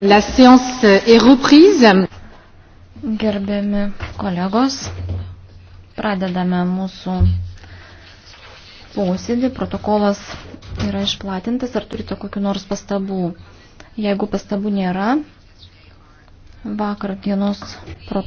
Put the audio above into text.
La séance est reprise. Gerbiami kolegos, pradedame mūsų posėdį. Protokolas yra išplatintas. Ar turite kokiu nors pastabų? Jeigu pastabų nėra, vakar dienos protokolas.